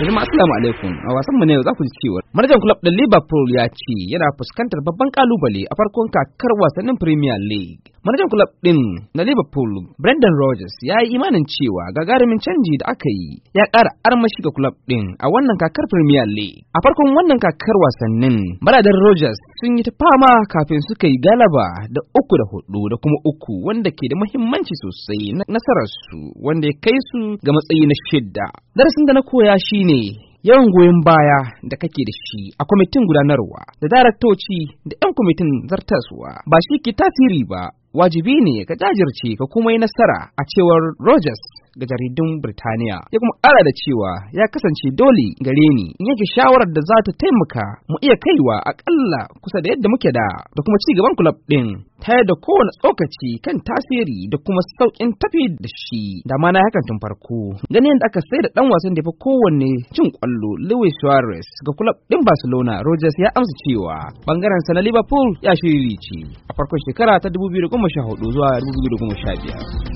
Jama'a assalamu alaikum a wasan mu ne za ku ji cewa manajan club din Liverpool ya ce yana fuskantar babban kalubale a farkon kakar wasannin Premier League Manajan kulab din na Liverpool, Brendan Rodgers, ya yi imanin cewa gagarumin canji da aka yi ya ƙara armashi ga kulab ɗin a wannan kakar Premier League. A farkon wannan kakar wasannin, Brendan Rodgers sun yi ta fama kafin suka yi galaba da uku da hudu da kuma uku wanda ke da muhimmanci sosai na nasararsu wanda ya kai su ga matsayi na shidda. Darasin da na koya shine yawan goyon baya da kake da shi a kwamitin gudanarwa da daraktoci da 'yan kwamitin zartaswa ba shi ke tasiri ba wajibi ne ka jajirce ka kuma yi nasara a cewar Rogers. Da jaridun Birtaniya. Ya kuma ƙara da cewa ya kasance dole gare ni in yake shawarar da za ta taimaka mu iya kaiwa aƙalla kusa da yadda muke da da kuma ci gaban kulab ɗin. ta da kowane tsokaci kan tasiri da kuma sauƙin tafi da shi da ma na hakan tun farko ganin da aka sai da ɗan wasan da fa kowanne cin kwallo Luis Suarez ga kulab ɗin Barcelona Rogers ya amsa cewa bangaren sa na Liverpool ya shiri ce a farkon shekara ta 2014 zuwa 2015